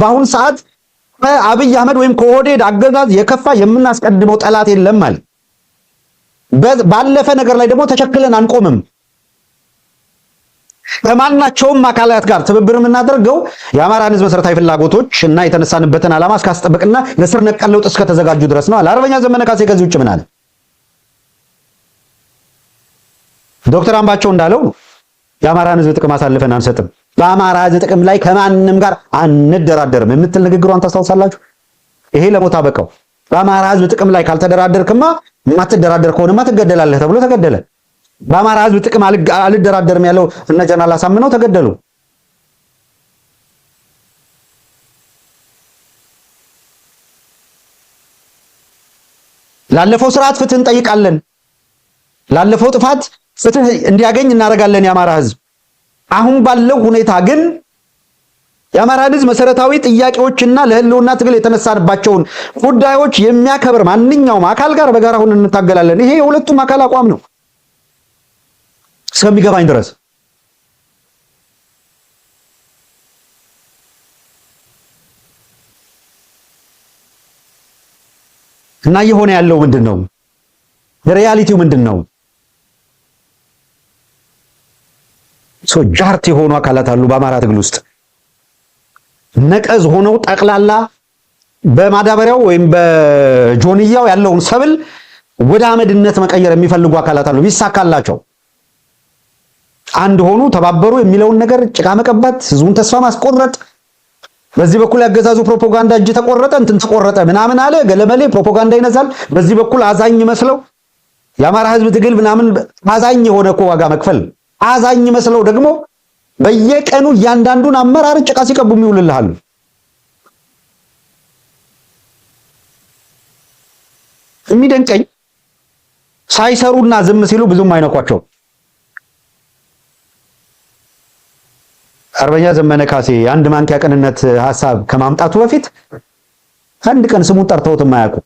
በአሁን ሰዓት አብይ አህመድ ወይም ከኦህዴድ አገዛዝ የከፋ የምናስቀድመው ጠላት የለም ባለፈ ነገር ላይ ደግሞ ተቸክለን አንቆምም። ከማናቸውም አካላት ጋር ትብብር የምናደርገው የአማራን ሕዝብ መሰረታዊ ፍላጎቶች እና የተነሳንበትን ዓላማ እስካስጠበቅና ለስር ነቀል ለውጥ እስከተዘጋጁ ድረስ ነው አለ። አርበኛ ዘመነ ካሴ ከዚህ ውጭ ምን አለ? ዶክተር አምባቸው እንዳለው የአማራን ሕዝብ ጥቅም አሳልፈን አንሰጥም። በአማራ ሕዝብ ጥቅም ላይ ከማንም ጋር አንደራደርም የምትል ንግግሯን ታስታውሳላችሁ። ይሄ ለሞት አበቃው። በአማራ ሕዝብ ጥቅም ላይ ካልተደራደርክማ የማትደራደር ከሆነማ ትገደላለህ ተብሎ ተገደለ። በአማራ ህዝብ ጥቅም አልደራደርም ያለው እነ ጀነራል አሳምነው ተገደሉ። ላለፈው ስርዓት ፍትህ እንጠይቃለን። ላለፈው ጥፋት ፍትህ እንዲያገኝ እናደርጋለን የአማራ ህዝብ አሁን ባለው ሁኔታ ግን የአማራ ህዝብ መሰረታዊ ጥያቄዎችና ለህልውና ትግል የተነሳንባቸውን ጉዳዮች የሚያከብር ማንኛውም አካል ጋር በጋራ ሆነን እንታገላለን። ይሄ የሁለቱም አካል አቋም ነው እስከሚገባኝ ድረስ። እና እየሆነ ያለው ምንድን ነው? ሪያሊቲው ምንድን ነው? ሶ ጃርት የሆኑ አካላት አሉ በአማራ ትግል ውስጥ ነቀዝ ሆነው ጠቅላላ በማዳበሪያው ወይም በጆንያው ያለውን ሰብል ወደ አመድነት መቀየር የሚፈልጉ አካላት አሉ። ቢሳካላቸው አንድ ሆኑ ተባበሩ የሚለውን ነገር ጭቃ መቀባት፣ ህዝቡን ተስፋ ማስቆረጥ፣ በዚህ በኩል ያገዛዙ ፕሮፓጋንዳ እጅ ተቆረጠ፣ እንትን ተቆረጠ፣ ምናምን አለ ገለመሌ ፕሮፓጋንዳ ይነዛል። በዚህ በኩል አዛኝ መስለው የአማራ ህዝብ ትግል ምናምን አዛኝ የሆነ እኮ ዋጋ መክፈል አዛኝ መስለው ደግሞ በየቀኑ እያንዳንዱን አመራር ጭቃ ሲቀቡ የሚውልልሃሉ። የሚደንቀኝ ሳይሰሩና ዝም ሲሉ ብዙም አይነኳቸው። አርበኛ ዘመነ ካሴ አንድ ማንኪያ ቅንነት ሀሳብ ከማምጣቱ በፊት አንድ ቀን ስሙን ጠርተውት የማያውቁ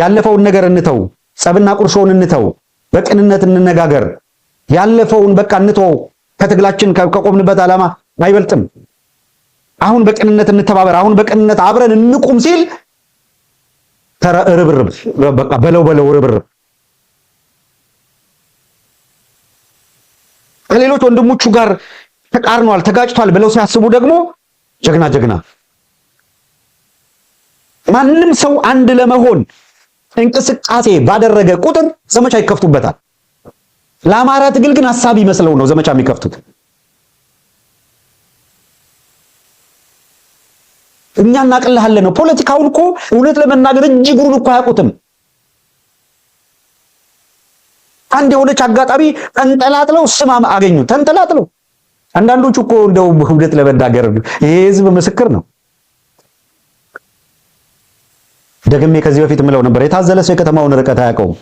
ያለፈውን ነገር እንተው፣ ጸብና ቁርሾን እንተው በቅንነት እንነጋገር። ያለፈውን በቃ እንተወው። ከትግላችን ከቆምንበት ዓላማ አይበልጥም። አሁን በቅንነት እንተባበር፣ አሁን በቅንነት አብረን እንቁም ሲል ርብርብ በቃ በለው በለው ርብርብ ከሌሎች ወንድሞቹ ጋር ተቃርኗል፣ ተጋጭቷል ብለው ሲያስቡ ደግሞ ጀግና ጀግና ማንም ሰው አንድ ለመሆን እንቅስቃሴ ባደረገ ቁጥር ዘመቻ ይከፍቱበታል። ለአማራ ትግል ግን ሀሳብ ይመስለው ነው ዘመቻ የሚከፍቱት። እኛ እናቅልሃለን ነው። ፖለቲካውን እኮ እውነት ለመናገር እጅጉን እኮ አያውቁትም። አንድ የሆነች አጋጣሚ ተንጠላጥለው ስም አገኙ። ተንጠላጥለው አንዳንዶቹ እኮ እንደው እውነት ለመናገር ይሄ ህዝብ ምስክር ነው። ደግሜ ከዚህ በፊት ምለው ነበር። የታዘለ ሰው የከተማውን ርቀት አያውቀውም።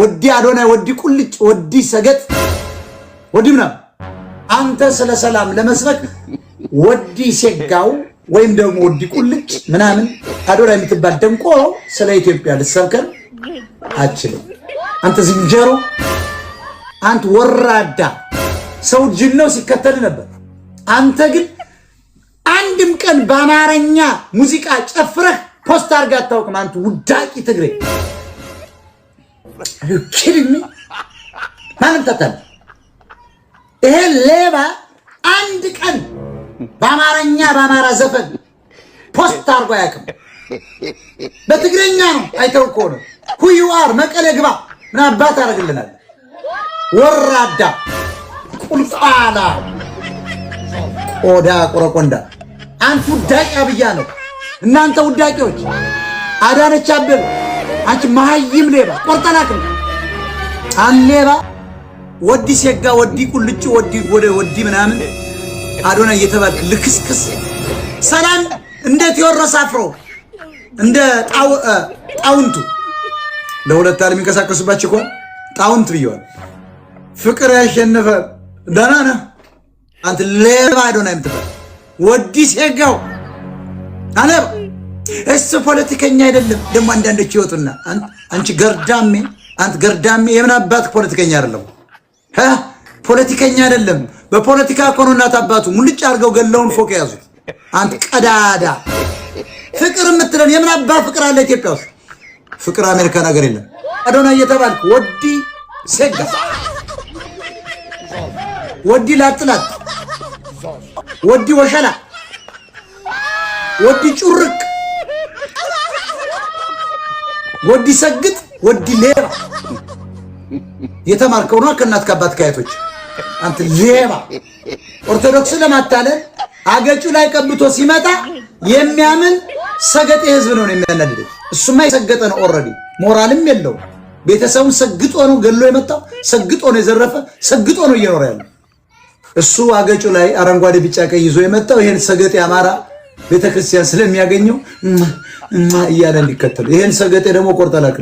ወዲ አዶናይ፣ ወዲ ቁልጭ፣ ወዲ ሰገጥ፣ ወዲ ምናምን አንተ ስለ ሰላም ለመስበክ ወዲ ሴጋው ወይም ደግሞ ወዲ ቁልጭ ምናምን አዶናይ የምትባል ደንቆሮ ስለ ኢትዮጵያ ልትሰብከን አችልም። አንተ ዝንጀሮ፣ አንተ ወራዳ ሰው ጅል ነው ሲከተል ነበር። አንተ ግን አንድም ቀን በአማርኛ ሙዚቃ ጨፍረህ ፖስት አድርገህ አታውቅም። አንተ ውዳቂ ትግሬ ኪድሚ ማመንታታል። ይሄ ሌባ አንድ ቀን በአማርኛ በአማራ ዘፈን ፖስት አድርጎ አያውቅም። በትግረኛ ነው። አይተው ሁ ዩ አር መቀሌ ግባ ምን አባት አደርግልናል። ወራዳ ቁልቋላ ቆዳ ቆረቆንዳ አንቱ ዳቂ አብያ ነው። እናንተ ውዳቂዎች፣ አዳነች አበበ አንቺ መሀይም ሌባ ቆርጠናክ አሌባ ወዲ ሴጋ ወዲ ቁልጭ ወዲ ወደ ወዲ ምናምን አዶና እየተባልክ ልክስክስ ሰላም እንደ ቴዎድሮስ አፍሮ እንደ ጣውንቱ ለሁለት ዓለም የሚንቀሳቀሱባቸው እኮ ጣውንት ብየዋል። ፍቅር ያሸነፈ ደህና ነህ አንተ ሌባ አዶና የምትባል ወዲ ሴጋው አለባ እሱ ፖለቲከኛ አይደለም። ደግሞ አንዳንዶች ይወጡና አንቺ ገርዳሜ፣ አንተ ገርዳሜ የምን አባት ፖለቲከኛ አይደለም፣ ፖለቲከኛ አይደለም። በፖለቲካ እኮ ነው እናት አባቱ ሙልጭ አድርገው ገለውን ፎቅ ያዙ። አንተ ቀዳዳ ፍቅር የምትለን የምን አባት ፍቅር አለ ኢትዮጵያ ውስጥ? ፍቅር አሜሪካ ነገር የለም። አዶና እየተባልክ ወዲ ሴጋ ወዲ ላጥላት ወዲ ወሸላ ወዲ ጩርቅ ወዲ ሰግጥ ወዲ ሌባ የተማርከው ነው ከእናት ከአባት ካያቶች አንተ ሌባ ኦርቶዶክስ ለማታለል አገጩ ላይ ቀብቶ ሲመጣ የሚያምን ሰገጤ ህዝብ ነው የሚያናድደው። እሱማ የሰገጠ ነው ኦልሬዲ ሞራልም የለው ቤተሰቡን ሰግጦ ነው ገሎ የመጣው፣ ሰግጦ ነው የዘረፈ፣ ሰግጦ ነው እየኖረ ያለው። እሱ አገጩ ላይ አረንጓዴ ቢጫ ቀይ ይዞ የመጣው ይሄን ሰገጤ አማራ ቤተክርስቲያን ስለሚያገኘው እያለ እንዲከተሉ ይህን ሰገጤ ደግሞ ቆርጠላክል